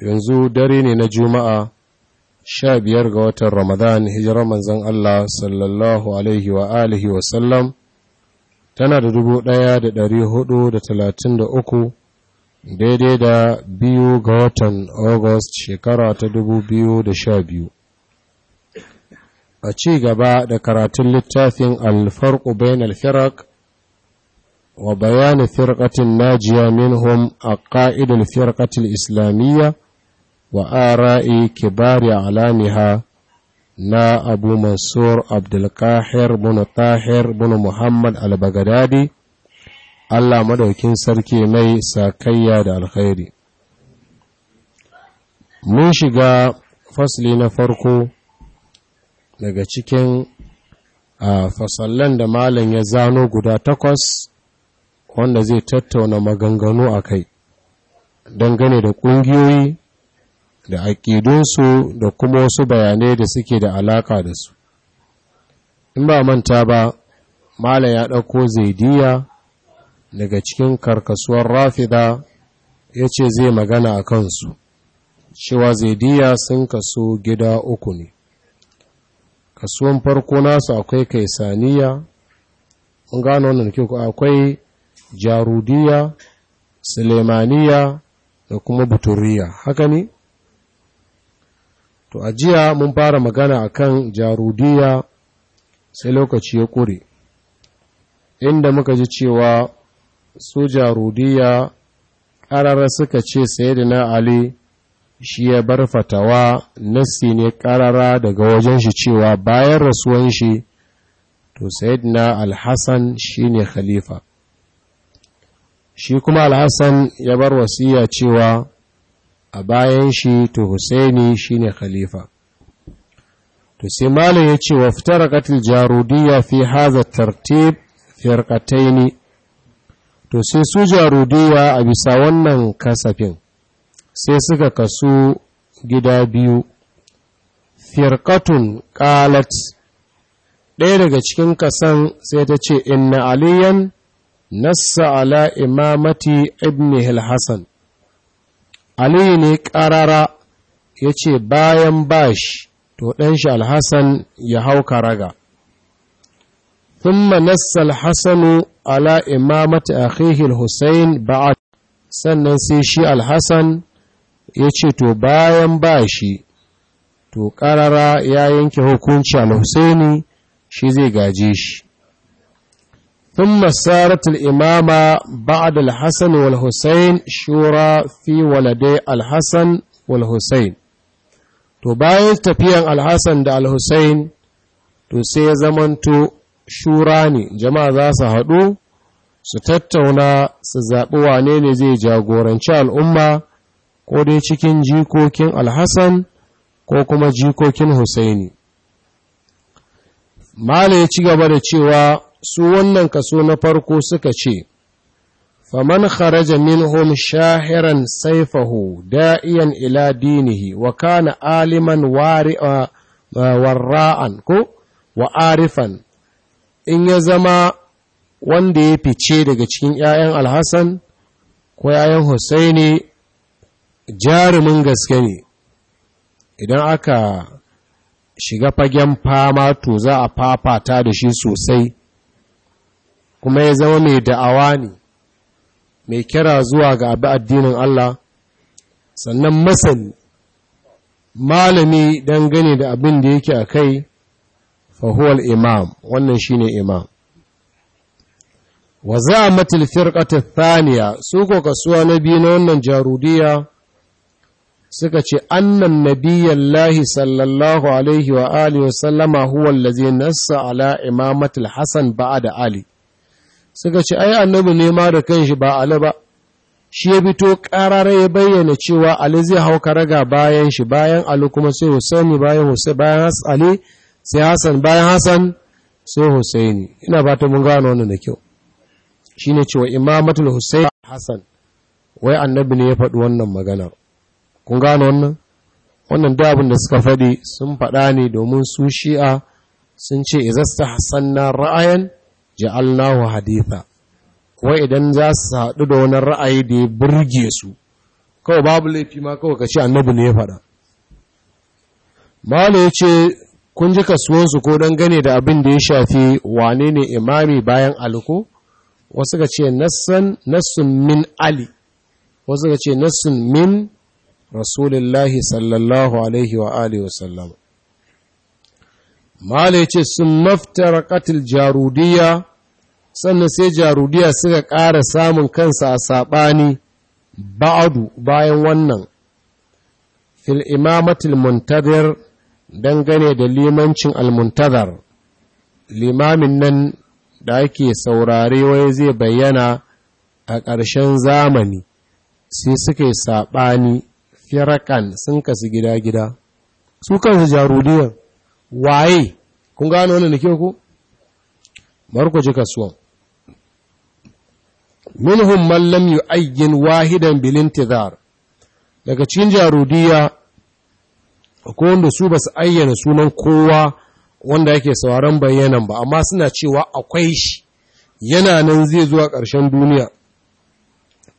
yanzu dare ne na juma'a sha biyar ga watan ramadan hijirar manzan Allah sallallahu alaihi wa alihi wasallam tana da dubu ɗaya da ɗari hudu da talatin da uku daidai da biyu ga watan august shekara ta dubu biyu da sha biyu a ci gaba da karatun littafin alfarku bayan alfirak wa bayanin firkatin najiya minhum a ƙa'idin firkatin islamiyya wa ara'i kibari alamiha na abu mansur abdulkahir bin tahir bin muhammad al allah madaukin sarki mai sakayya da alkhairi mun shiga fasli na farko daga cikin fasallan da malam ya zano guda takwas wanda zai tattauna maganganu a kai dangane da ƙungiyoyi da aƙidunsu da kuma wasu bayanai da suke da alaƙa da su in ba manta ba malam ya ɗauko zaidiya daga cikin karkasuwar rafida ya ce zai magana a kansu cewa zaidiya sun kaso gida uku ne kasuwan farko nasu akwai kaisaniya mun gano wannan kyau akwai jarudiya sulemaniya da kuma buturiya haka ne to a jiya mun fara magana a kan jarudiya sai lokaci ya ƙure inda muka ji cewa su jarudiya ƙarara suka ce na ali shi ya bar fatawa nassi ne ƙarara daga wajen shi cewa bayan rasuwan shi to na alhassan shi ne khalifa shi kuma alhassan ya bar wasiya cewa a bayan shi to Husaini shine khalifa to sai malam ya ce waftaraqatil jarudiyya fi hadha tartib firqatayn to sai su jarudiyya a bisa wannan kasafin sai suka kasu gida biyu firqatun qalat ɗaya daga cikin kasan sai ta ce inna aliyan nassa ala imamati ibn al-hasan aliyu ne ƙarara ya ce bayan bashi to ɗanshi alhassan ya hau karaga thumma nassa alhassanu ala imamati akhihi alhusain ba'at sannan sai shi alhassan ya ce to bayan bashi to ƙarara ya yanke hukunci alhussaini shi zai gaje shi ثم سارت الإمامة بعد الحسن والحسين شورى في ولدي الحسن والحسين to bayan tafiyan alhassan da Alhusain to sai ya zamanto shura ne jama'a za su haɗu su tattauna su zaɓi wane ne zai jagoranci al'umma ko dai cikin jikokin alhassan ko kuma jikokin husaini Malam ya ci gaba da cewa su wannan kaso na farko suka ce faman kharaja minhum shahiran saifahu da'iyan ila dinihi wa kana aliman warra'an ko wa arifan in ya zama wanda ya fice daga cikin 'ya'yan alhassan ko 'ya'yan Hussaini jarumin gaske ne idan aka shiga fagen fama to za a fafata da shi sosai kuma ya zama mai da'awa ne mai kira zuwa ga abu addinin Allah sannan masani malami dangane da abin da yake a kai fahuwal imam wannan shi ne imam wa za a matilfiyar thaniya su ko kasuwa na biyu na wannan jarudiya suka ce annan lahi sallallahu alaihi wa alihi wasallama huwa lazi nasa ala imamatul Hassan, ba'a da ali suka ce ai annabi ne ma da kanshi ba ali ba shi ya fito ƙarara ya bayyana cewa ali zai hau karaga bayan shi bayan ali kuma sai Hussaini bayan Hussaini bayan ali sai hasan bayan hasan sai husaini ina ba ta mun gano wannan da kyau shine cewa imamatul husaini hasan wai annabi ne ya faɗi wannan magana kun gano wannan wannan dabin da suka faɗi sun faɗa ne domin su shi'a sun ce izasta hasanna ra'ayan ja'alnahu haditha wai idan za su haɗu da wani ra'ayi da ya burge su kawai babu laifi ma kawai ka ce annabi ne ya faɗa Malam ya ce kun ji kasuwansu ko don gane da abin da ya shafi wane ne imami bayan aliko wasu ka ce nassan nassun min ali wasu ka ce nassun min rasulullahi sallallahu alaihi wa alihi wa mala ya ce sun maftar katil jarudiya sannan sai jarudiya suka ƙara samun kansa a saɓani ba'adu bayan wannan fil imamatil muntazir dangane da limancin almuntadar, limamin nan da ake saurare wai zai bayyana a ƙarshen zamani sai suka yi saɓani firakan sun kasu gida-gida su kansu jarudiyar waye kun gano da nake ku marko ji kasuwan minhum man lam yu'ayyin wahidan bil intizar daga cikin jarudiya akwai wanda su basu ayyana sunan kowa wanda yake sauraron bayanan ba amma suna cewa akwai shi yana nan zai zuwa ƙarshen duniya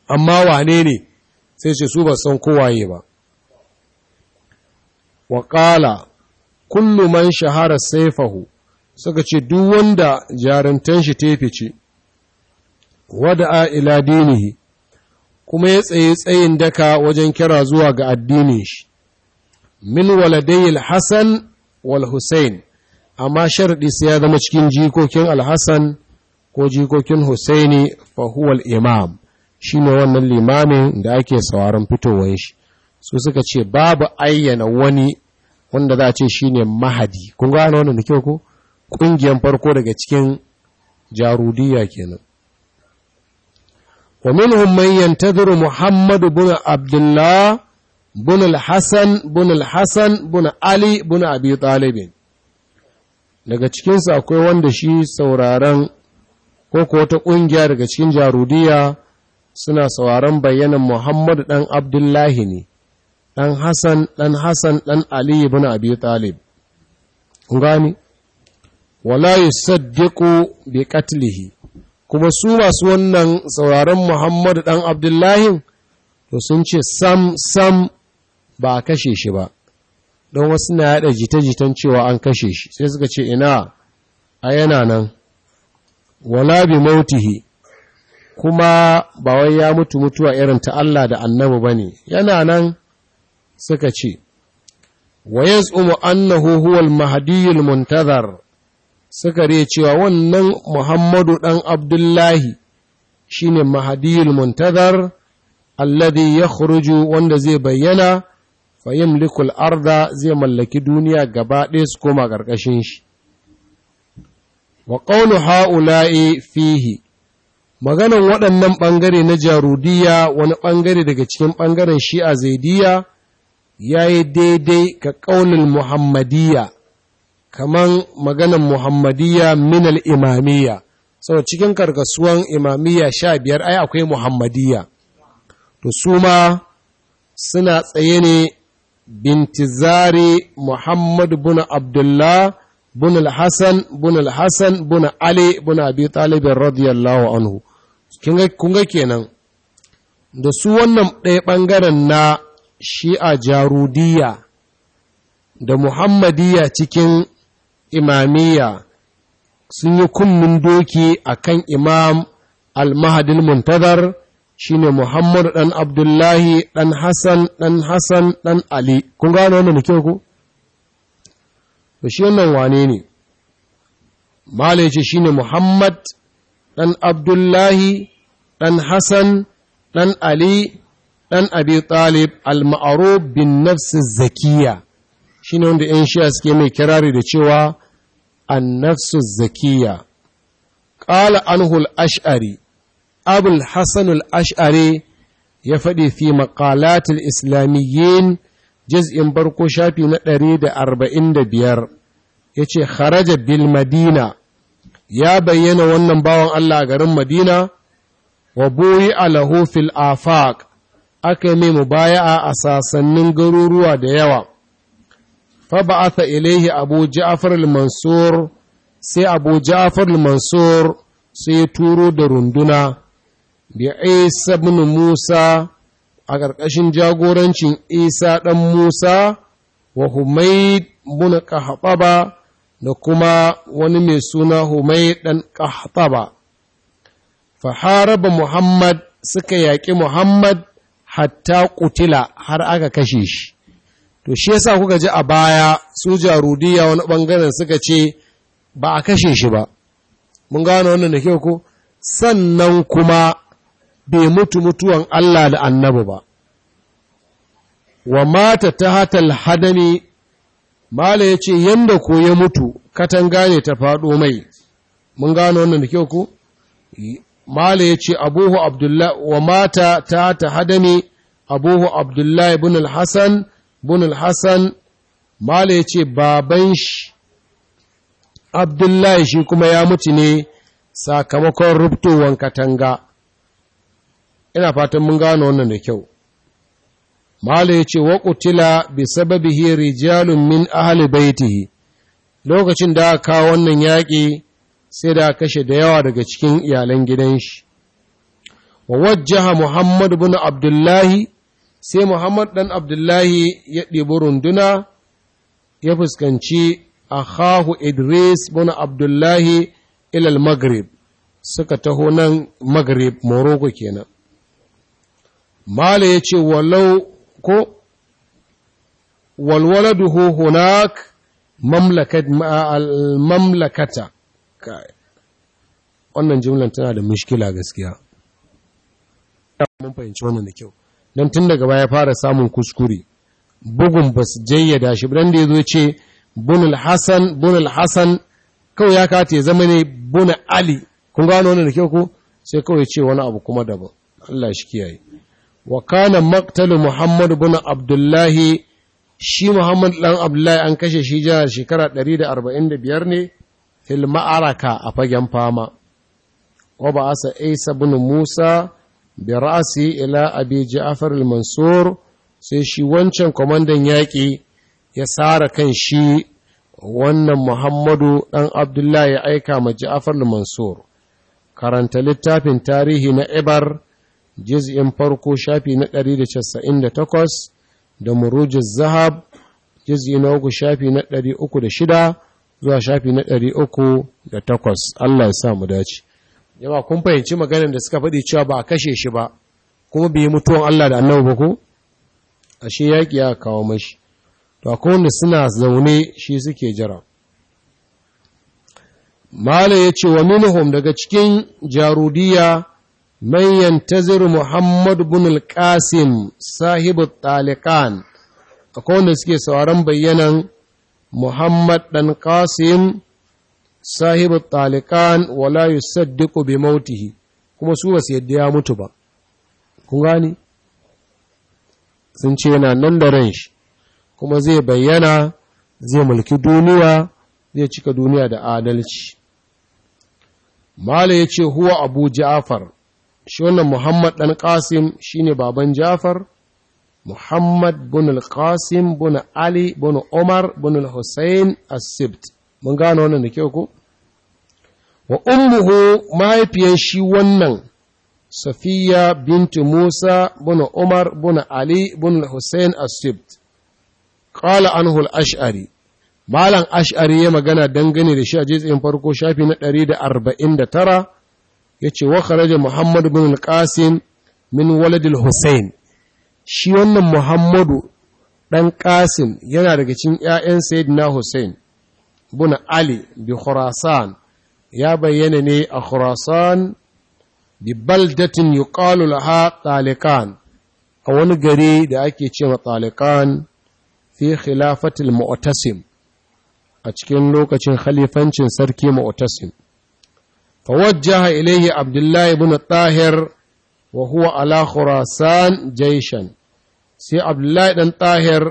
amma wane ne sai ce su basu san kowaye ba waƙala kullu man shahara saifahu suka ce duk wanda jarantan shi tefice wada'a ila dinihi kuma ya tsaye tsayin daka wajen kira zuwa ga addinin shi min waladayil hasan wal husain amma sharadi sai ya zama cikin jikokin al-hasan ko jikokin husaini fa huwa imam shine wannan limamin da ake sauraron fitowar shi su suka ce babu ayyana wani wanda za a ce ne mahadi kun gano wani nake ko ƙungiyar farko daga cikin jarudiya kenan wa minhum man yantadhiru muhammad ibn abdullah ibn al-hasan ali buna abi talibin daga cikinsu akwai wanda shi sauraron ko ko wata ƙungiya daga cikin jarudiya suna sauraron bayanan muhammadu dan abdullahi ne ɗan Hassan ɗan Hassan ɗan Ali ibn Abi Talib. Gani, wala yi saddiku bi katlihi, kuma su masu wannan sauraron Muhammadu ɗan Abdullahi, to sun ce sam sam ba a kashe shi ba, don wasu na yaɗa jita-jitan cewa an kashe shi, sai suka ce ina a yana nan, wala bi mautihi. kuma ba wai ya mutu mutuwa irin ta Allah da annabu ba ne, yana nan suka ce wa yaz'umu annahu huwal mahdiyul muntazar suka re cewa wannan Muhammadu ɗan Abdullahi shine mahdiyul muntazar alladhi yakhruju wanda zai bayyana fa yamliku arda zai mallaki duniya gaba ɗaya su koma ƙarƙashin shi wa ha'ula'i fihi maganan waɗannan ɓangare na jarudiya wani ɓangare daga cikin ɓangaren shi'a zaidiya ya yi daidai ka ƙaunin muhammadiyya kaman maganan muhammadiyya minal imamiyya sau cikin karkasuwan imamiyya sha biyar ai akwai muhammadiyya to su ma suna tsaye ne bintizari muhammad bin abdullah bin hassan bin hassan bin ali bin abi talibin radiyallahu anhu kun ga kenan da su wannan ɗaya ɓangaren na shi'a jarudiya da muhammadiya cikin imamiya sun yi kunnin doki a kan imam al-mahadin muntazar shine muhammadu ɗan abdullahi ɗan hassan ɗan hassan ɗan ali kun gano wannan nake ku? da shi wannan wane ne malai shi shine muhammad ɗan abdullahi ɗan hassan ɗan ali ɗan abi talib al-ma'aruf bin nafsi zakiya shi ne wanda 'yan shiya suke mai kirari da cewa an nafsu zakiya ƙala anhul ash'ari abul hasanul ash'ari ya faɗi fi maƙalatul islamiyyin jiz'in barko shafi na ɗari da da biyar. ya ce kharaja bil madina ya bayyana wannan bawan Allah garin madina wa buyi alahu fil afaq aka yi mai mubaya'a a sasannin garuruwa da yawa fa a ilaihi abu ja'afar mansur sai abu ja'far al-mansur sai turo da runduna bi isa ibn musa a ƙarƙashin jagorancin isa ɗan musa wa humaid ibn qahtaba da kuma wani mai suna humaid ɗan qahtaba fa haraba muhammad suka yaƙi muhammad hatta kutila har aka kashe shi to shi yasa kuka ji a baya su jarudiya wani bangaren suka ce ba a kashe shi ba mun gano wannan da kyau ko sannan kuma bai mutu mutuwan Allah da annabi ba wa mata ta hatal hadami mala ya ce yanda ko ya mutu katanga ne ta faɗo mai mun gano wannan da kyau ko mala ya ce abuhu Abdullahi wa mata ta ta hadami abuhu abdullah ibn al Hassan. ibn al mala ya ce baban shi abdullahi shi kuma ya mutu ne sakamakon rubtowan katanga ina fatan mun gano wannan da kyau mala ya ce wa kutila bi sababihi rijalun min ahli baitihi lokacin da aka kawo wannan yaƙi sai da kashe da yawa daga cikin iyalan gidan shi wa wajjaha muhammad bin abdullahi sai muhammad dan abdullahi ya ɗibi runduna ya fuskanci hahu idris bin abdullahi ilal maghrib suka taho nan maghrib morocco kenan mala ya ce walau ko walwaladu hunak mamlakata wannan jimlar tana da mushkila gaskiya mun fahimci wannan da kyau don tun daga baya fara samun kuskure bugun ba su jayyada shi dan da ya zo ce bunul hasan bunul hasan kawai ya kata ya zama ne buna ali kun gano wannan da kyau ko sai kawai ce wani abu kuma daban Allah shi kiyaye wa kana maktalin muhammad bin abdullahi shi muhammad dan abdullahi an kashe shi jihar shekara 145 ne fil ma'araka a fagen fama wa ba asa isa bin musa bi ra'asi ila abi ja'far al-mansur sai shi wancan kwamandan yaƙi ya sara kan shi wannan muhammadu ɗan abdullahi ya aika ma ja'far al-mansur karanta littafin tarihi na ibar jiz'in farko shafi na 198 da murujin zahab jiz'i na uku shafi na 306 zuwa shafi na ɗari uku da takwas Allah ya sa mu dace yawa kun fahimci maganar da suka faɗi cewa ba a kashe shi ba kuma bai mutuwan Allah da annabi ba ko ashe yaƙi ya kawo mashi to akwai wanda suna zaune shi suke jira mala ya ce wa minhum daga cikin jarudiya man yantazir muhammad bin al-qasim sahibu talikan akwai wanda suke sauran bayyanan Muhammad ɗan Qasim sahibu talikan wala yusaddiqu bi mautihi kuma su ba su yadda ya mutu ba kun gani sun ce yana nan da ran shi kuma zai bayyana zai mulki duniya zai cika duniya da adalci mala ya ce huwa abu ja'far shi wannan muhammad ɗan qasim shine baban ja'far Muhammad bin al-Qasim bin Ali bin Umar bin al-Hussein as-Sibt mun gano wannan da kyau ko wa ummuhu mahaifiyar shi wannan Safiya bintu Musa bin Umar bin Ali bin al-Hussein as-Sibt qala anhu al-Ash'ari Malam Ash'ari ya magana dangane da shi a jitsayin farko shafi na 149 yace wa kharaja Muhammad bin al-Qasim min walad al-Hussein shi wannan Muhammadu ɗan ƙasim yana daga cikin ‘ya'yan Sayyidina Hussein, buna Ali bi Khurasan, ya bayyana ne a Khurasan bi baldatin yuqalu laha ɗalikan. a wani gari da ake ce wa ɗalikan fi khilafatil Mu'tasim, a cikin lokacin khalifancin sarki Mu'tasim. فوجه إليه عبد الله بن الطاهر وهو على خراسان جيشا sai abdullahi ɗan ɗahir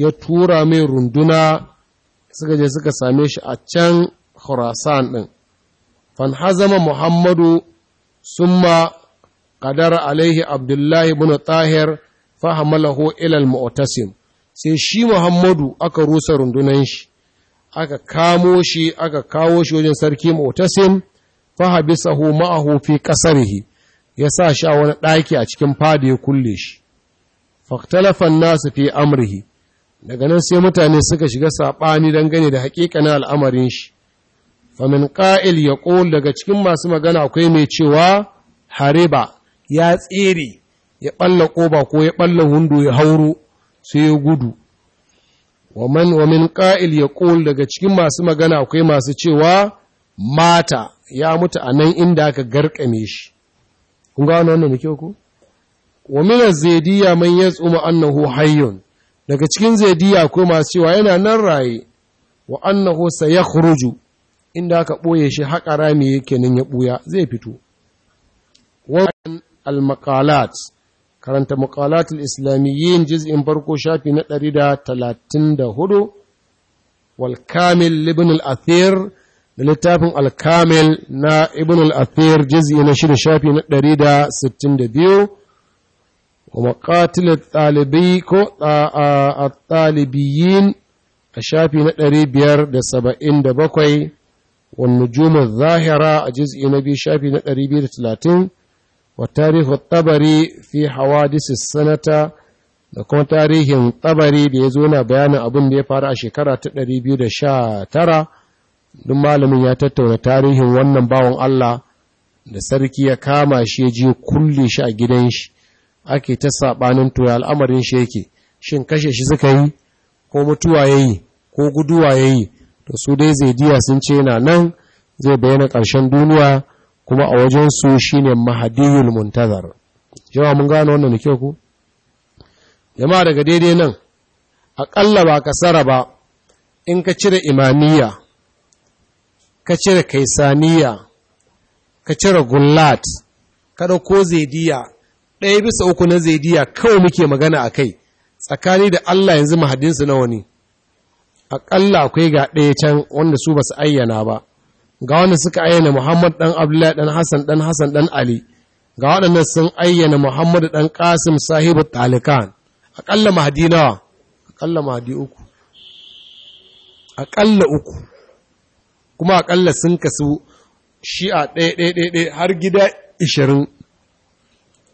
ya tura mai runduna suka je suka same shi a can khurasan ɗin Fan fanhazama muhammadu summa ƙadara alaihi abdullahi ibn tahir fahamalahu ila al-mu'tasim sai shi muhammadu aka rusa rundunan shi aka kamo shi aka kawo shi wajen sarki mu'tasim fahabisahu ma'ahu fi qasrihi ya sa shi a wani ɗaki a cikin fada ya kulle shi faktalafan nasu fi amurhi, daga nan sai mutane suka shiga saɓani dangane da haƙiƙanin al'amarin shi famin ƙa'il ya ƙol daga cikin masu magana akwai mai cewa hariba ya tsere ya ɓalla ƙoba ko ya ɓalla hundu ya hauro sai ya gudu wamin ƙa'il ya ƙol daga cikin masu magana akwai masu cewa mata ya mutu a nan inda aka garkame shi kun ga wannan da kyau ku? wa minar zaidiya man ya tsoma annahu hayyun daga cikin zaidiya akwai masu cewa yana nan raye wa annahu sayakhruju inda aka ɓoye shi haƙa rami yake nan ya ɓuya zai fito wannan al-maqalat karanta maqalat al-islamiyyin juz'in farko shafi na 134 wal kamil ibn al-athir da littafin al-kamil na ibn al-athir juz'i na 6 shafi na 162 wa maqatil ɗalibai ko a ɗalibiyin a shafi na ɗari biyar da saba'in da bakwai wani jumar zahira a jiz'i na biyu shafi na ɗari biyu da talatin wa tarihin tabari fi hawa sanata da kuma tarihin tabari da ya zo na bayanin abin da ya faru a shekara ta ɗari biyu da sha tara duk malamin ya tattauna tarihin wannan bawan Allah da sarki ya kama shi ya ji kulle shi a gidan shi ake ta saɓanin to al'amarin shi yake shin kashe shi suka yi ko mutuwa ya yi ko guduwa ya yi to su dai zaidiya sun ce na nan zai bayyana ƙarshen duniya kuma a wajen su shine mahadiyul muntazar jama mun gano wannan da kyau ku jama'a daga daidai nan aƙalla ba kasara ba in ka cire imaniya, ka cire kaisaniya ka cire gullat ka ɗauko zaidiya ɗaya bisa uku na zaidiya kawai muke magana a kai tsakani da Allah yanzu mahadinsu na wani aƙalla akwai ga ɗaya can wanda su ba su ayyana ba ga wanda suka ayyana muhammad ɗan abdullahi ɗan hassan ɗan hassan ɗan ali ga waɗanda sun ayyana muhammad ɗan kasim sahibu talikan aƙalla mahadi nawa aƙalla mahadi uku aƙalla uku kuma aƙalla sun kasu shi'a ɗaya ɗaya ɗaya har gida ishirin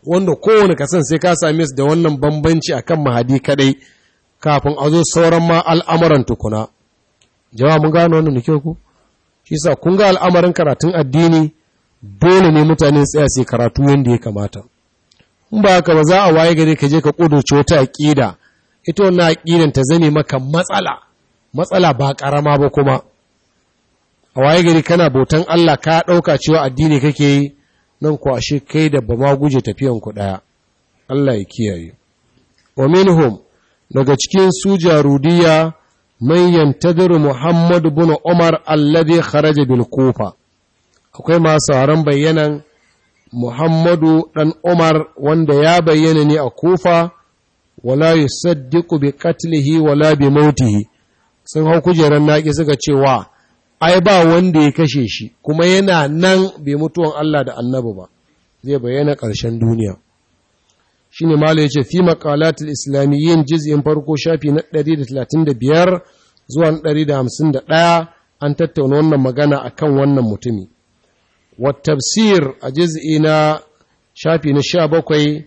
wanda kowane kasan sai ka same su da wannan bambanci akan mahadi kaɗai kafin a zo sauran ma al'amuran tukuna Jawa mun gano wannan nake ku shi sa kun ga al'amarin karatun addini dole ne mutane tsaya sai karatu yadda ya kamata in ba haka ba za a waye gare ka je ka kudurce wata aƙida, ita wannan aqidan ta zane maka matsala matsala ba ƙarama ba kuma a waye gari kana bautan Allah ka ɗauka cewa addini kake yi nan kwashe kai da ba ma guje tafiyan ku ɗaya Allah ya kiyaye wa minhum daga cikin su jarudiya man yantadiru Muhammad bin Umar alladhi kharaja bil Kufa akwai masu haran bayyanan Muhammadu dan Umar wanda ya bayyana ne a Kufa wala yusaddiqu bi qatlihi wala bi mautihi sun hau kujeran naki suka cewa ai ba wanda ya kashe shi kuma yana nan bai mutuwan Allah da annabi ba zai bayyana ƙarshen duniya shine ya yace fi maqalatil islamiyyin juz'in farko shafi na 135 zuwa 151 an tattauna wannan magana a kan wannan mutumi wa tafsir a juz'i na shafi na 17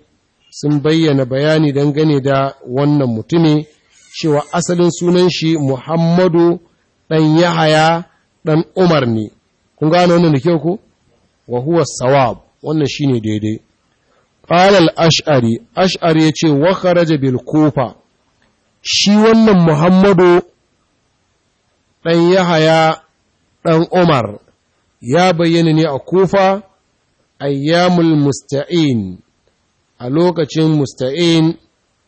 sun bayyana bayani dangane da wannan mutumi cewa asalin sunan shi Muhammadu ɗan Yahaya ɗan umar ne kun gane wannan da kyau ko wa huwa sawab wannan shine daidai qala al-ash'ari ash'ari yace wa kharaja bil kufa shi wannan muhammadu ɗan yahaya ɗan umar ya bayyana ne a kufa ayyamul musta'in a lokacin musta'in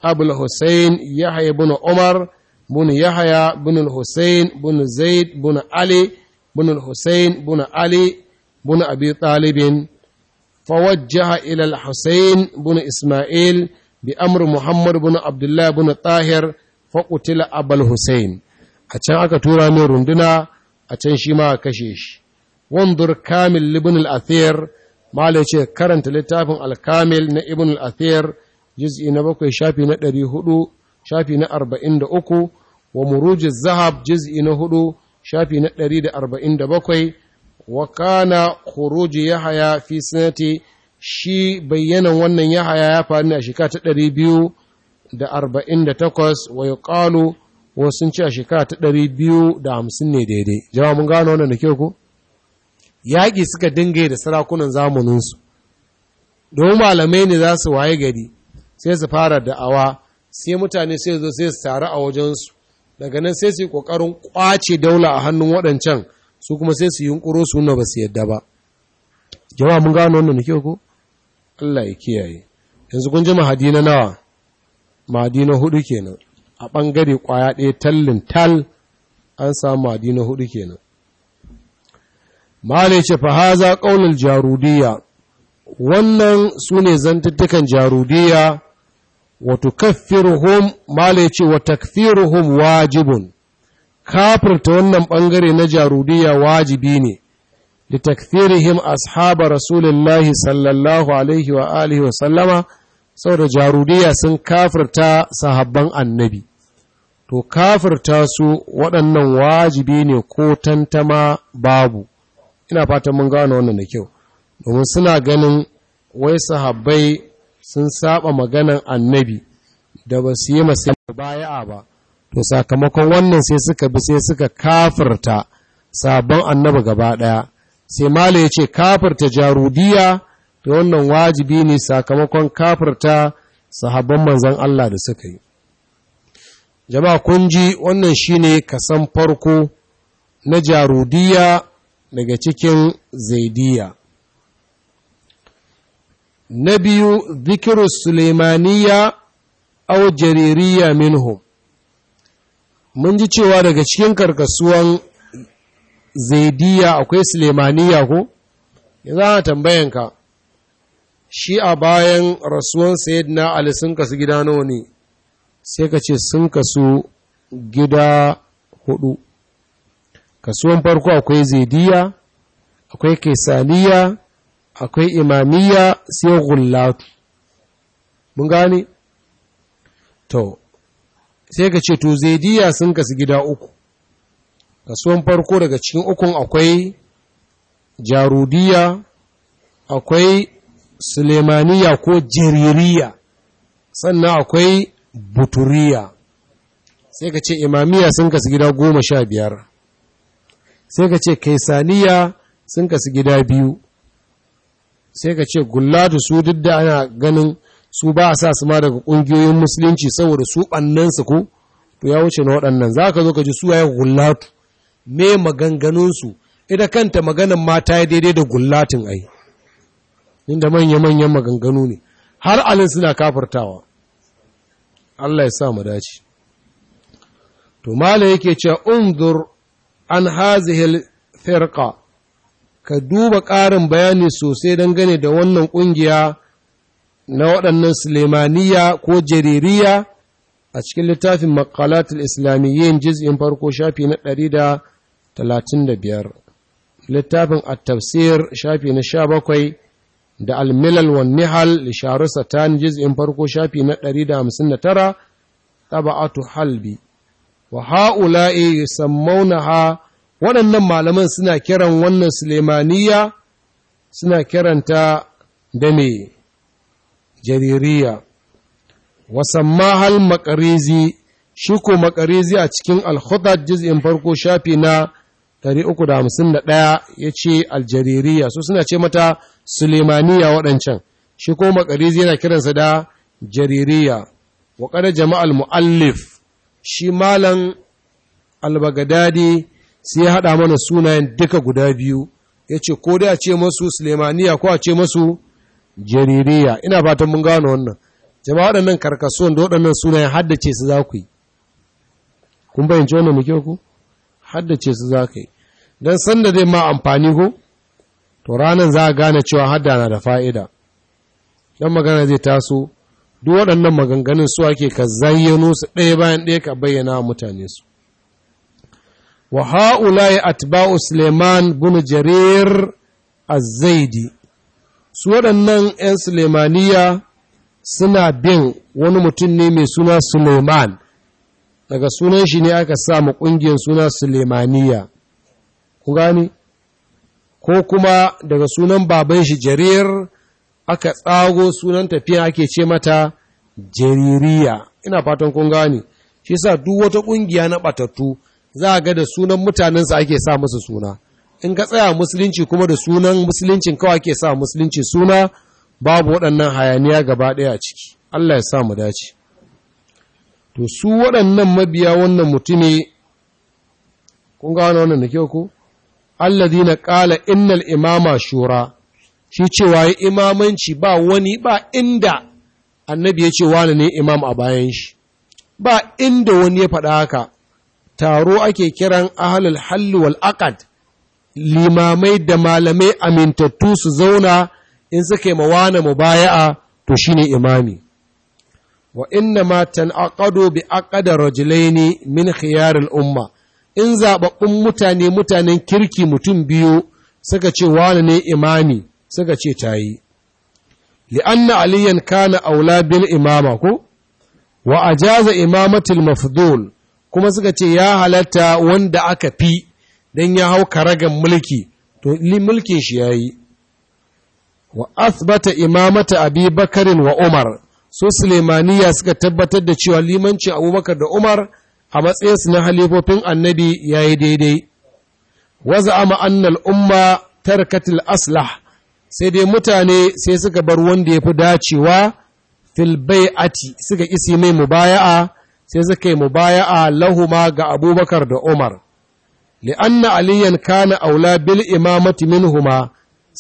abul husayn yahaya ibn umar bin yahaya bin husayn bin zaid bin ali بن الحسين بن علي بن أبي طالب فوجه إلى الحسين بن إسماعيل بأمر محمد بن عبد الله بن طاهر فقتل أبا الحسين أتشان أكا تورا من رندنا أتشان شما كشيش وانظر كامل لابن الأثير ما ليش كرنت لتاب الكامل ابن الأثير جزء نبقى شافي نتري هدو شافي نأربعين دا أكو ومروج الزهب جزء نهدو shafi na 147 wa kana khuruji yahaya fi sanati shi bayyanan wannan yahaya ya faru ne a shekara ta 248 wa yuqalu wasu sun ce a shekara ta hamsin ne daidai jama'a mun gano wannan da kyau ku? yaƙi suka dinga da sarakunan zamuninsu. domin malamai ne za su waye gari sai su fara da'awa sai mutane sai zo sai su taru a wajensu daga nan sai su yi kokarin kwace daula a hannun waɗancan su kuma sai su yi yunkuro su nuna ba su yadda ba jama'a mun gano wannan kyau ko Allah ya kiyaye yanzu kun ji mahadi nawa mahadi hudu kenan a bangare kwaya ɗaya tallin tal an samu mahadi hudu kenan malai ce fa haza qaulul jarudiyya wannan sune zantuttukan jarudiyya Wato tukaffiruhum mala wa takfiruhum wajibun kafirta wannan bangare na jarudiyya wajibi ne li takfirihim ashaba rasulillahi sallallahu alaihi wa alihi wa sallama saboda jarudiyya sun kafirta sahabban annabi to kafirta su waɗannan wajibi ne ko tantama babu ina fatan mun gane wannan da kyau domin suna ganin wai sahabbai sun saba maganan annabi da ba su yi masu baya'a ba to sakamakon wannan sai suka bi sai suka kafarta sabon annabi gaba ɗaya sai mala ya ce kafirta jarudiya da wannan wajibi ne sakamakon kafarta sahabban manzan Allah da suka yi jama'a kun ji wannan shine kasan farko na jarudiya daga cikin zaidiya na biyu zikiru sulemaniya au jaririya minhum mun ji cewa daga cikin karkasuwan zaidiya akwai sulemaniya ko yanzu ana tambayanka shi a bayan rasuwan sayyidina ali sun kasu gida nawa ne sai ka ce sun kasu gida hudu kasuwan farko akwai zaidiya akwai kaisaniya akwai imamiya sai mun gane to sai ka ce to zaidiya sun kasu gida uku kasuwan farko daga cikin ukun akwai jarudiya akwai sulemaniya ko jiririya sannan akwai buturiya sai ka ce imamiya sun kasu gida goma sha biyar sai ka ce kaisaniya sun kasu gida biyu sai ka ce gullatu su duk da ana ganin su ba a sa su ma daga ƙungiyoyin musulunci saboda su ɓannansu ko to ya wuce na waɗannan za ka zo ka ji su ya gullatu me maganganunsu ita kanta maganan mata ya daidai da gullatin ai inda manya-manyan maganganu ne har alin suna kafartawa Allah ya sa mu dace to mala yake cewa unzur an hazihil firqa ka duba ƙarin bayani sosai dangane da wannan ƙungiya na waɗannan Sulemaniya ko Jaririya a cikin littafin Makalatul Islamiyyin jiz'in farko shafi na ɗari da talatin da biyar, littafin a tafsir shafi na sha bakwai da almilal wa Nihal Lisharu Satan jiz'in farko shafi na ɗari da hamsin da tara, taba'atu halbi, wa ha'ula'i yusammaunaha waɗannan malaman suna kiran wannan sulemaniya suna kiranta da me jaririya wasamma hal makarizi shi ko makarizi a cikin alhutat juz'in farko shafi na 351 ya ce aljaririya So suna ce mata sulemaniya waɗancan shi ko makarizi yana kiransa da jaririya wa ƙada jama'al mu'allif shi malam albagadadi sai ya haɗa mana sunayen duka guda biyu ya ce ko dai a ce masu sulemaniya ko a ce masu jaririya ina fatan mun gano wannan jama'a waɗannan karkasuwan da waɗannan sunayen haddace su za ku yi kun bayyance wannan muke ku haddace su za ka yi don sanda zai ma amfani ko to ranar za a gane cewa hadda na da fa'ida don magana zai taso duk waɗannan maganganun su ake ka zayyano su ɗaya bayan ɗaya ka bayyana mutane su wa ha'ulaye atba'u Suleiman bin Jarir Az-Zaidi, su waɗannan ‘yan Suleimaniya suna bin wani mutum ne mai suna Suleman, daga sunan shi ne aka samu ƙungiyar suna Sulemaniyya, ku gani? Ko kuma daga sunan baban shi Jarir aka tsago sunan tafiya ake ce mata Jaririya, ina fatan kun gani, shi sa duk wata ƙungiya na ɓatattu. za ga da sunan mutanensa ake sa musu suna in ka tsaya musulunci kuma da sunan musuluncin kawai ake sa musulunci suna babu waɗannan hayaniya gaba ɗaya a ciki Allah ya sa mu dace to su waɗannan mabiya wannan mutune kun ga wannan da ko Allah dina qala innal imama shura shi cewa yi imamanci ba wani ba inda annabi ya ce wani ne imam a bayan shi ba inda wani ya faɗa haka taro ake kiran ahalul halli wal aqad limamai da malamai amintattu su zauna in suka yi mawana mubaya'a to shine imami wa inna ma tanaqadu bi aqada rajulaini min khiyar al umma in zababbun mutane mutanen kirki mutum biyu suka ce wani ne imami suka ce tayi li'anna aliyan kana aula bil imama ko wa ajaza imamatul mafdul kuma suka ce ya halatta wanda aka fi don ya hau karagan mulki to li mulkin shi yayi wa asbata imamata abi bakarin wa umar su sulemaniya suka tabbatar da cewa limanci abubakar da umar a matsayinsu na halifofin annabi ya yi daidai waza ama annal umma tarkatil aslah sai dai mutane sai suka bar wanda ya fi dacewa fil bai'ati suka isi mai mubaya'a sai suka yi mubaya'a lahuma ga abubakar da umar li'anna aliyan kana aula bil imamati minhuma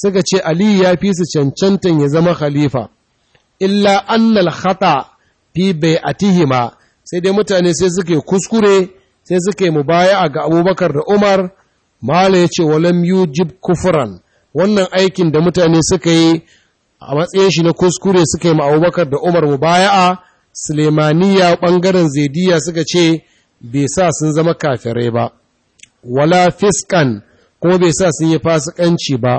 suka ce ali ya fi su cancantan ya zama khalifa illa annal khata fi bai'atihima sai dai mutane sai yi kuskure sai suka yi mubaya'a ga abubakar da umar mala ya ce walam yujib kufran wannan aikin da mutane suka yi a matsayin shi na kuskure suka yi ma abubakar da umar mubaya'a sulemaniya ɓangaren zaidiya suka ce bai sa sun zama kafirai ba wala fiskan kuma bai sa sun yi fasikanci ba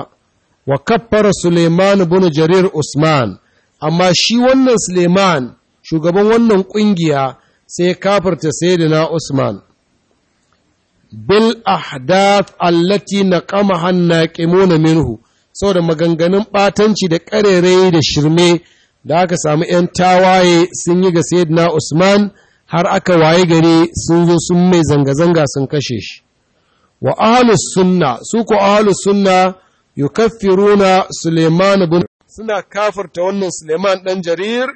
wa kaffara suleiman bin jarir usman amma shi wannan suleiman shugaban wannan ƙungiya sai kafarta na usman bil ahdaf allati naqama hannaqimuna minhu saboda maganganun ɓatanci da ƙarerai da shirme da aka samu ‘yan tawaye sun yi ga Sayyidina Usman har aka waye gari sun zo sun mai zanga-zanga sun kashe shi. Wa ahalus sunna, su ku ahalus sunna runa Suleiman bin suna kafarta wannan Suleiman ɗan jarir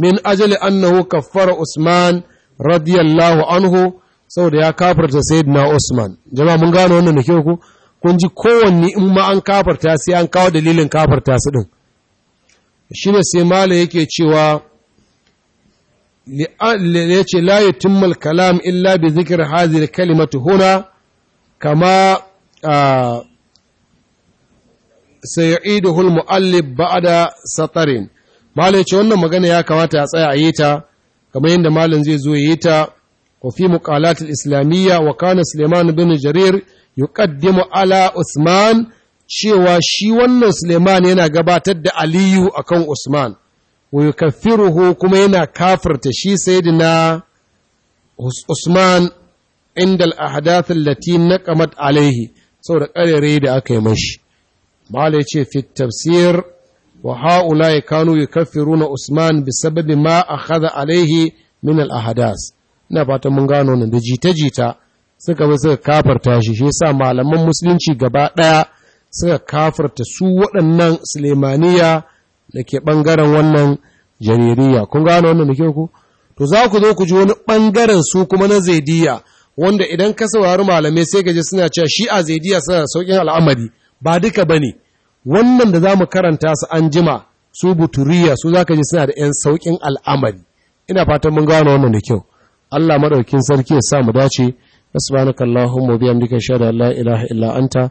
min ajali annahu kaffar Usman radiyallahu anhu saboda ya kafarta Sayyidina Usman. Jama mun gano wannan da ku kun ji kowanne in ma an kafarta sai an kawo dalilin kafarta su ɗin. shi ne sai mala yake cewa ah, ya ce la tummal kalam illa bi zikir hazir kalimatu huna kama ah, sayi'iduhu al-mu'allif satarin mala ya ce wannan magana ya kamata a tsaya a yi ta kamar yadda malam zai zo yi ta وفي مقالات الإسلامية وكان سليمان بن جرير يقدم على عثمان cewa shi wannan Suleiman yana gabatar da Aliyu akan Usman wa yukaffiruhu kuma yana kafirta shi saidina Usman inda al-ahdath allati naqamat alaihi saboda karere da aka yi mashi mala yace fi tafsir wa haula kanu na Usman bisababi ma akhadha alaihi min al ina fatan mun gano nan da jita-jita suka bi suka kafarta shi shi yasa malaman musulunci gaba ɗaya suka kafarta su waɗannan Sulemaniya da ke ɓangaren wannan jaririya. Kun gano wannan da kyau ku? To za ku zo ku ji wani ɓangaren su kuma na zaidiya wanda idan ka saurari malamai sai ka ji suna cewa shi a zaidiya suna da sauƙin al'amari ba duka ba ne. Wannan da za mu karanta su an jima su buturiya su za ka ji suna da ‘yan sauƙin al'amari. Ina fatan mun gano wannan da kyau. Allah maɗaukin sarki ya sa mu dace. Subhanakallahumma bihamdika shada la ilaha illa anta